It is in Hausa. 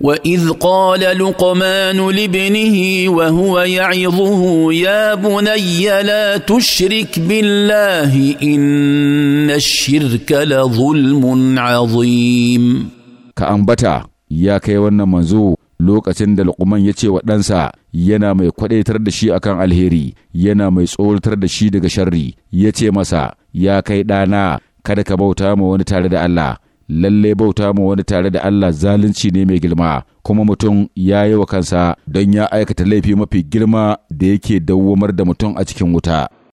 wa واذ قال لقمان لابنه وهو يعظه يا بني لا تشرك بالله ان الشرك لظلم ka كأنبتا ya kai wannan manzo lokacin da Luqman ya ce wa ɗansa yana mai kwaɗaitar da shi akan alheri yana mai tsoratar da shi daga sharri ya ce masa ya kai ɗana kada ka bauta ma wani tare da Allah lalle bauta ma wani tare da Allah zalunci ne mai girma kuma mutum ya yi wa kansa don ya aikata laifi mafi girma da yake dawwamar da mutum a cikin wuta.